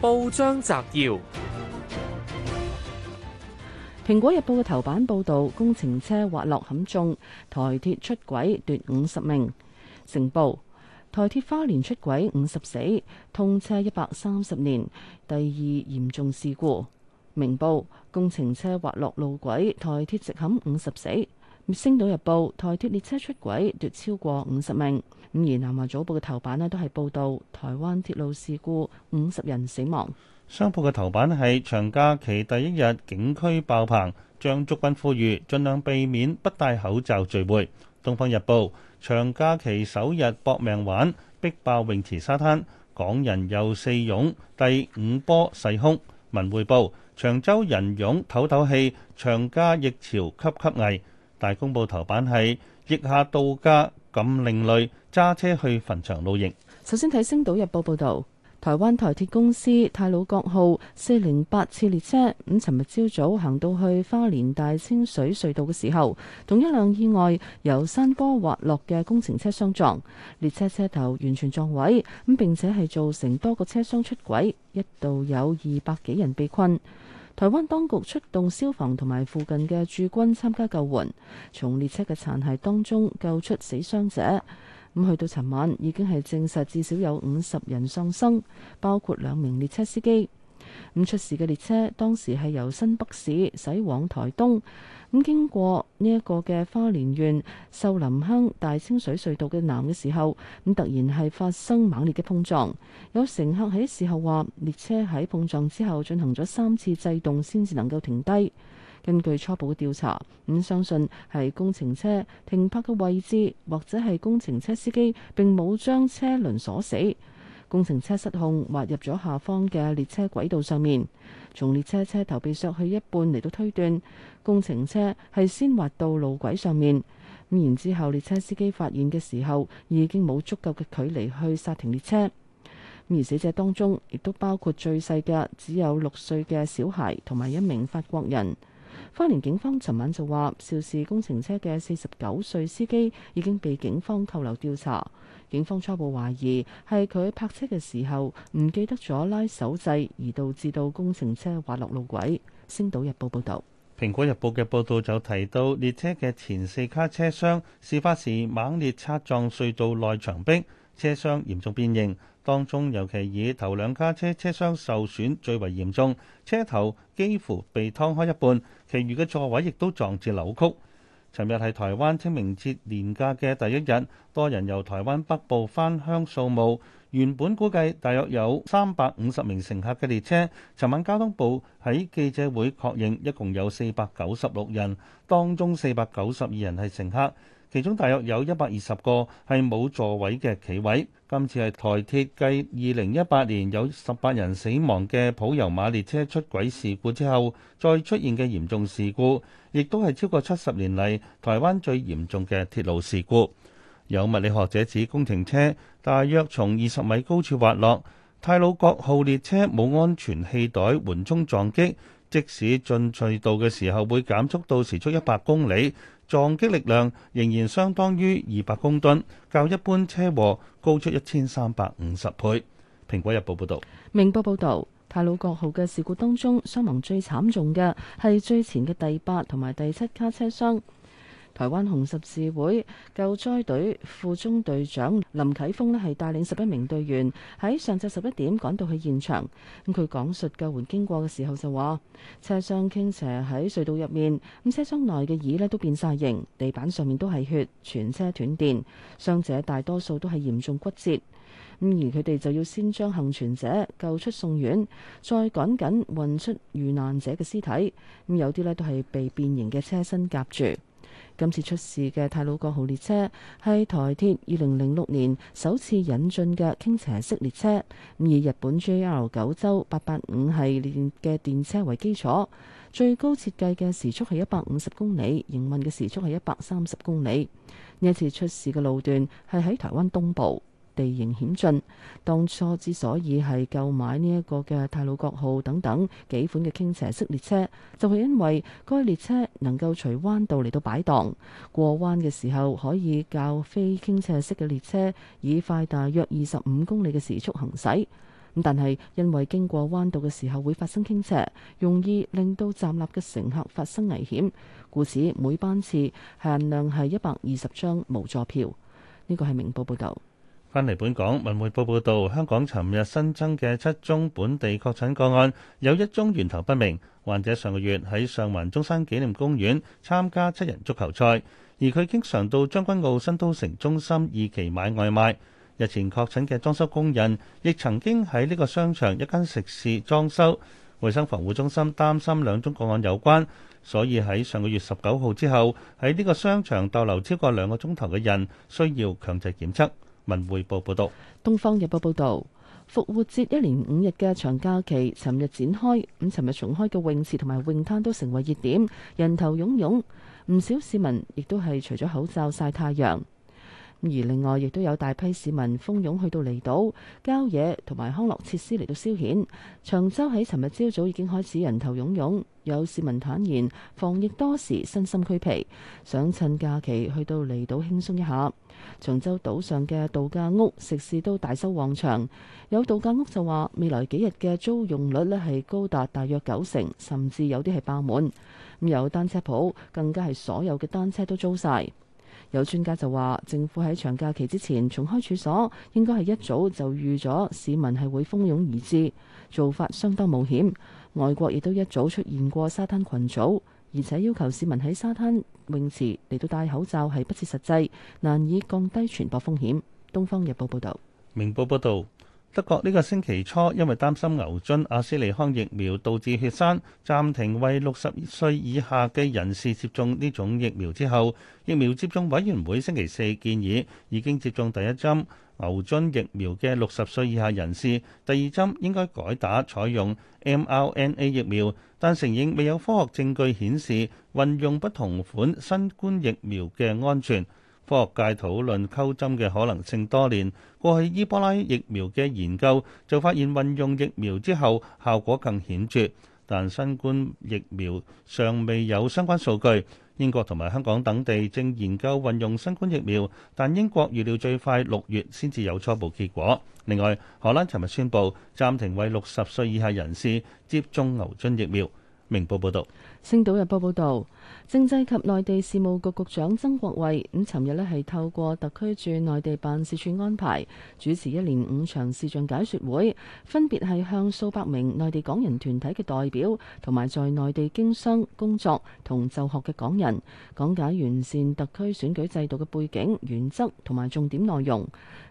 報章摘要：蘋果日報嘅頭版報道，工程車滑落撼中，台鐵出軌奪五十命；成報：台鐵花蓮出軌五十死，通車一百三十年第二嚴重事故。明報：工程車滑落路軌，台鐵直撼五十死。54,《星島日報》台鐵列車出軌奪超過五十名，五而《南華早報》嘅頭版咧都係報道台灣鐵路事故五十人死亡。商報嘅頭版係長假期第一日景區爆棚，張竹君呼籲盡量避免不戴口罩聚會。《東方日報》長假期首日搏命玩，逼爆泳池沙灘，港人又四湧第五波勢凶。《文匯報》長洲人湧唞唞氣，長假疫潮吸吸危。大公報頭版係逆下到家禁另類揸車去墳場露營。首先睇《星島日報》報導，台灣台鐵公司太魯閣號四零八次列車，咁尋日朝早行到去花蓮大清水隧道嘅時候，同一輛意外由山坡滑落嘅工程車相撞，列車車頭完全撞毀，咁並且係造成多個車廂出軌，一度有二百幾人被困。台灣當局出動消防同埋附近嘅駐軍參加救援，從列車嘅殘骸當中救出死傷者。咁去到尋晚，已經係證實至少有五十人喪生，包括兩名列車司機。咁出事嘅列車當時係由新北市駛往台東，咁經過呢一個嘅花蓮縣秀林鄉大清水隧道嘅南嘅時候，咁突然係發生猛烈嘅碰撞。有乘客喺事後話，列車喺碰撞之後進行咗三次制動，先至能夠停低。根據初步嘅調查，咁相信係工程車停泊嘅位置或者係工程車司機，並冇將車輪鎖死。工程車失控滑入咗下方嘅列車軌道上面，從列車車頭被削去一半嚟到推斷，工程車係先滑到路軌上面，然之後列車司機發現嘅時候已經冇足夠嘅距離去剎停列車。而死者當中亦都包括最細嘅只有六歲嘅小孩同埋一名法國人。花蓮警方尋晚就話，肇事工程車嘅四十九歲司機已經被警方扣留調查。警方初步懷疑係佢泊車嘅時候唔記得咗拉手掣，而導致到工程車滑落路軌。星島日報報道，《蘋果日報》嘅報導就提到，列車嘅前四卡車廂事發時猛烈擦撞隧道內牆壁，車廂嚴重變形，當中尤其以頭兩卡車車廂受損最為嚴重，車頭幾乎被劏開一半，其餘嘅座位亦都撞至扭曲。尋日係台灣清明節年假嘅第一日，多人由台灣北部返鄉掃墓。原本估計大約有三百五十名乘客嘅列車，尋晚交通部喺記者會確認，一共有四百九十六人，當中四百九十二人係乘客，其中大約有一百二十個係冇座位嘅企位。今次係台鐵繼二零一八年有十八人死亡嘅普悠瑪列車出軌事故之後，再出現嘅嚴重事故，亦都係超過七十年嚟台灣最嚴重嘅鐵路事故。有物理學者指工程車大約從二十米高處滑落，太魯閣號列車冇安全氣袋緩衝撞擊，即使進隧道嘅時候會減速到時速一百公里，撞擊力量仍然相當於二百公噸，較一般車禍高出一千三百五十倍。《蘋果日報》報道。《明報》報道，太魯閣號嘅事故當中，傷亡最慘重嘅係最前嘅第八同埋第七卡車廂。台灣紅十字會救災隊副中隊長林啟峰咧，係帶領十一名隊員喺上晝十一點趕到去現場。咁佢講述救援經過嘅時候就話：車廂傾斜喺隧道入面，咁車廂內嘅椅咧都變晒形，地板上面都係血，全車斷電，傷者大多數都係嚴重骨折。咁、嗯、而佢哋就要先將幸存者救出送院，再趕緊運出遇難者嘅屍體。咁、嗯、有啲咧都係被變形嘅車身夾住。今次出事嘅太魯閣號列車係台鐵二零零六年首次引進嘅傾斜式列車，咁以日本 JR 九州八八五系列嘅電車為基礎，最高設計嘅時速係一百五十公里，營運嘅時速係一百三十公里。呢一次出事嘅路段係喺台灣東部。地形險峻，當初之所以係購買呢一個嘅太魯閣號等等幾款嘅傾斜式列車，就係因為該列車能夠隨彎道嚟到擺盪，過彎嘅時候可以較非傾斜式嘅列車以快大約二十五公里嘅時速行駛。咁但係因為經過彎道嘅時候會發生傾斜，容易令到站立嘅乘客發生危險，故此每班次限量係一百二十張無座票。呢個係明報報道。返嚟本港文匯報報道，香港尋日新增嘅七宗本地確診個案有一宗源頭不明，患者上個月喺上環中山紀念公園參加七人足球賽，而佢經常到將軍澳新都城中心二期買外賣。日前確診嘅裝修工人亦曾經喺呢個商場一間食肆裝修。衛生防護中心擔心兩宗個案有關，所以喺上個月十九號之後喺呢個商場逗留超過兩個鐘頭嘅人需要強制檢測。文匯報報道，東方日報報道，復活節一連五日嘅長假期尋日展開，咁尋日重開嘅泳池同埋泳灘都成為熱點，人頭湧湧，唔少市民亦都係除咗口罩曬太陽。而另外亦都有大批市民蜂擁去到離島郊野同埋康樂設施嚟到消遣。長洲喺尋日朝早，早已經開始人頭湧湧，有市民坦言防疫多時身心俱疲，想趁假期去到離島輕鬆一下。長洲島上嘅度假屋食肆都大收旺場，有度假屋就話未來幾日嘅租用率咧，係高達大約九成，甚至有啲係爆滿，有單車鋪更加係所有嘅單車都租晒。有專家就話，政府喺長假期之前重開處所，應該係一早就預咗市民係會蜂擁而至，做法相當冒險。外國亦都一早出現過沙灘群組，而且要求市民喺沙灘泳池嚟到戴口罩係不切實際，難以降低傳播風險。《東方日報》報道。《明報》報導。德國呢個星期初，因為擔心牛津阿斯利康疫苗導致血栓，暫停為六十歲以下嘅人士接種呢種疫苗之後，疫苗接種委員會星期四建議，已經接種第一針牛津疫苗嘅六十歲以下人士，第二針應該改打採用 mRNA 疫苗，但承認未有科學證據顯示運用不同款新冠疫苗嘅安全。科學界討論溝針嘅可能性多年，過去伊波拉疫苗嘅研究就發現運用疫苗之後效果更顯著，但新冠疫苗尚未有相關數據。英國同埋香港等地正研究運用新冠疫苗，但英國預料最快六月先至有初步結果。另外，荷蘭尋日宣布暫停為六十歲以下人士接種牛津疫苗。明報報導，《星島日報》報導，政制及內地事務局局長曾國衛咁，尋日咧係透過特區駐內地辦事處安排，主持一連五場視像解說會，分別係向數百名內地港人團體嘅代表，同埋在內地經商、工作同就學嘅港人，講解完善特區選舉制度嘅背景、原則同埋重點內容。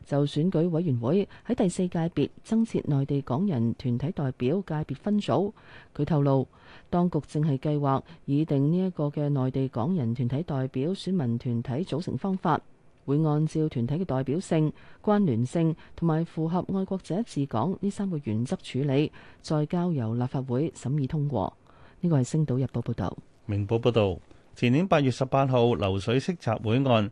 就選舉委員會喺第四界別增設內地港人團體代表界別分組，佢透露：當局正係計劃擬定呢一個嘅內地港人團體代表選民團體組成方法，會按照團體嘅代表性、關聯性同埋符合愛國者治港呢三個原則處理，再交由立法會審議通過。呢個係星島日報報導。明報報導，前年八月十八號流水式集會案。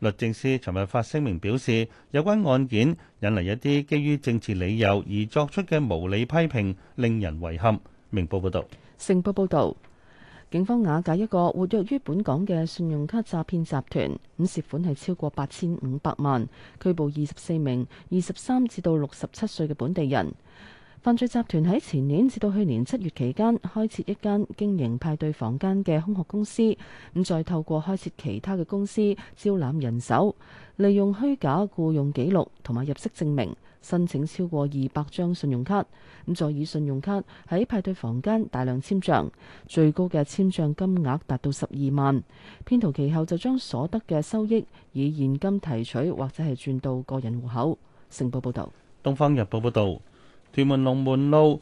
律政司尋日發聲明表示，有關案件引嚟一啲基於政治理由而作出嘅無理批評，令人遺憾。明報報道。成報報導，警方瓦解一個活躍於本港嘅信用卡詐騙集團，咁涉款係超過八千五百萬，拘捕二十四名二十三至到六十七歲嘅本地人。犯罪集團喺前年至到去年七月期間，開設一間經營派對房間嘅空殼公司，咁再透過開設其他嘅公司招攬人手，利用虛假僱用記錄同埋入息證明申請超過二百張信用卡，咁再以信用卡喺派對房間大量簽帳，最高嘅簽帳金額達到十二萬。騙徒其後就將所得嘅收益以現金提取或者係轉到個人戶口。成報報道。《東方日報》報導。屯門龍門路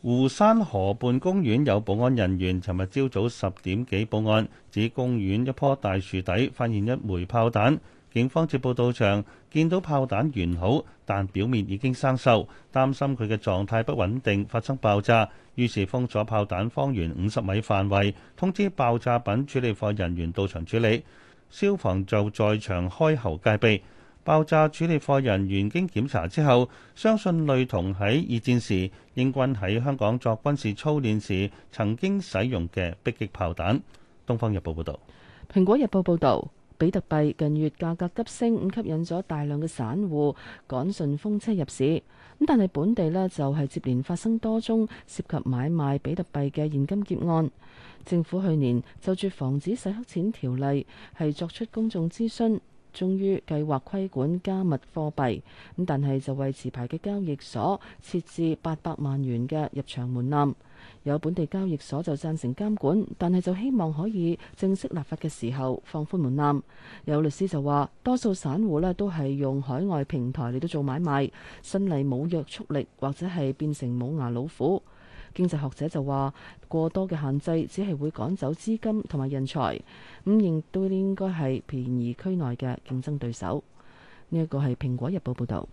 湖山河畔公園有保安人員，尋日朝早十點幾報案，指公園一棵大樹底發現一枚炮彈。警方接報到場，見到炮彈完好，但表面已經生鏽，擔心佢嘅狀態不穩定，發生爆炸，於是封鎖炮彈方圓五十米範圍，通知爆炸品處理課人員到場處理。消防就在場開喉戒備。爆炸處理課人員經檢查之後，相信類同喺二戰時英軍喺香港作軍事操練時曾經使用嘅迫擊炮彈。《東方日報》報道。《蘋果日報》報道，比特幣近月價格急升，吸引咗大量嘅散戶趕順風車入市。但係本地呢，就係接連發生多宗涉及買賣比特幣嘅現金劫案。政府去年就住防止洗黑錢條例係作出公眾諮詢。終於計劃規管加密貨幣，咁但係就為持牌嘅交易所設置八百萬元嘅入場門檻。有本地交易所就贊成監管，但係就希望可以正式立法嘅時候放寬門檻。有律師就話，多數散戶咧都係用海外平台嚟到做買賣，新例冇約束力或者係變成冇牙老虎。經濟學者就話：過多嘅限制只係會趕走資金同埋人才，咁亦都應該係便宜區內嘅競爭對手。呢、這、一個係《蘋果日報》報導。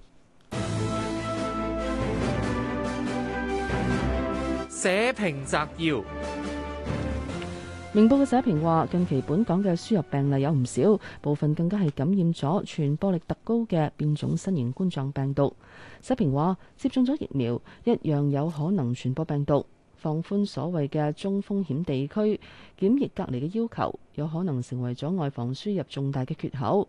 社評摘要。明報嘅社評話近期本港嘅輸入病例有唔少，部分更加係感染咗傳播力特高嘅變種新型冠狀病毒。社評話接種咗疫苗一樣有可能傳播病毒，放寬所謂嘅中風險地區檢疫隔離嘅要求，有可能成為咗外防輸入重大嘅缺口，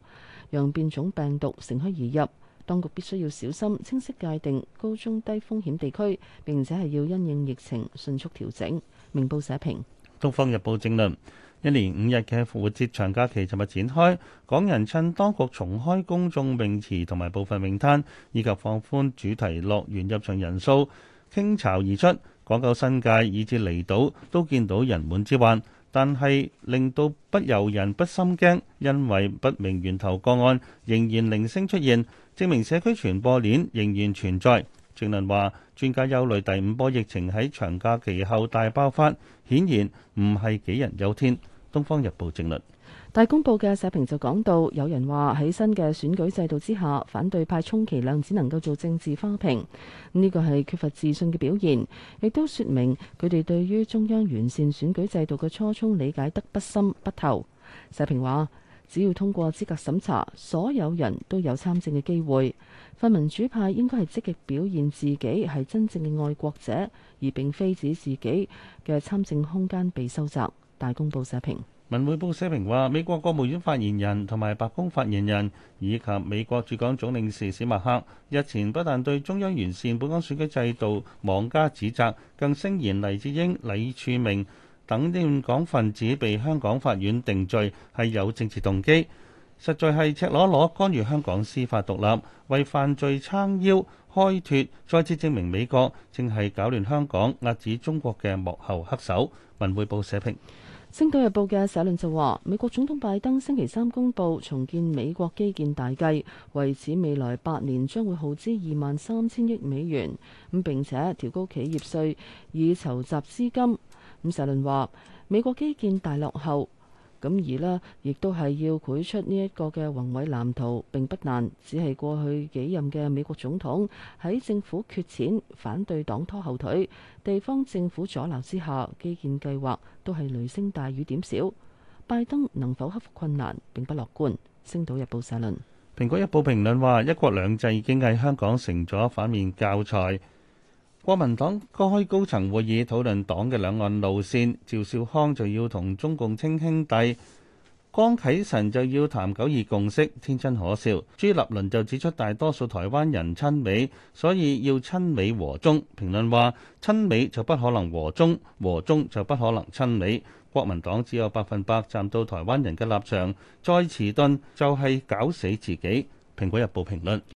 讓變種病毒乘虛而入。當局必須要小心，清晰界定高中低風險地區，並且係要因應疫情迅速調整。明報社評。《東方日報》政論：一連五日嘅復活節長假期尋日展開，港人趁當局重開公眾泳池同埋部分泳灘，以及放寬主題樂園入場人數，傾巢而出。港九新界以至離島都見到人滿之患，但係令到不由人不心驚，因為不明源頭個案仍然零星出現，證明社區傳播鏈仍然存在。評論話，專家憂慮第五波疫情喺長假期後大爆發，顯然唔係杞人憂天。東方日報正論，大公報嘅社評就講到，有人話喺新嘅選舉制度之下，反對派充其量只能夠做政治花瓶，呢個係缺乏自信嘅表現，亦都說明佢哋對於中央完善選舉制度嘅初衷理解得不深不透。社評話。只要通過資格審查，所有人都有參政嘅機會。泛民主派應該係積極表現自己係真正嘅愛國者，而並非指自己嘅參政空間被收窄。大公報社評，文匯報社評話，美國國務院發言人同埋白宮發言人以及美國駐港總領事史密克日前不但對中央完善本港選舉制度妄加指責，更聲言黎智英、李柱銘。等啲港分子被香港法院定罪係有政治動機，實在係赤裸裸干預香港司法獨立，為犯罪撐腰開脫，再次證明美國正係搞亂香港、壓制中國嘅幕後黑手。文匯報社評。星島日報嘅社論就話：美國總統拜登星期三公布重建美國基建大計，為此未來八年將會耗資二萬三千億美元，咁並且調高企業稅以籌集資金。伍世倫話：美國基建大落後，咁而呢，亦都係要繪出呢一個嘅宏偉藍圖，並不難，只係過去幾任嘅美國總統喺政府缺錢、反對黨拖後腿、地方政府阻撓之下，基建計劃都係雷聲大雨點小。拜登能否克服困難，並不樂觀。星島日報社論，蘋果日報評論話：一國兩制已經喺香港成咗反面教材。國民黨開高層會議討論黨嘅兩岸路線，趙少康就要同中共稱兄弟，江啟臣就要談九二共識，天真可笑。朱立倫就指出大多數台灣人親美，所以要親美和中。評論話親美就不可能和中，和中就不可能親美。國民黨只有百分百站到台灣人嘅立場，再遲鈍就係搞死自己。《蘋果日報》評論。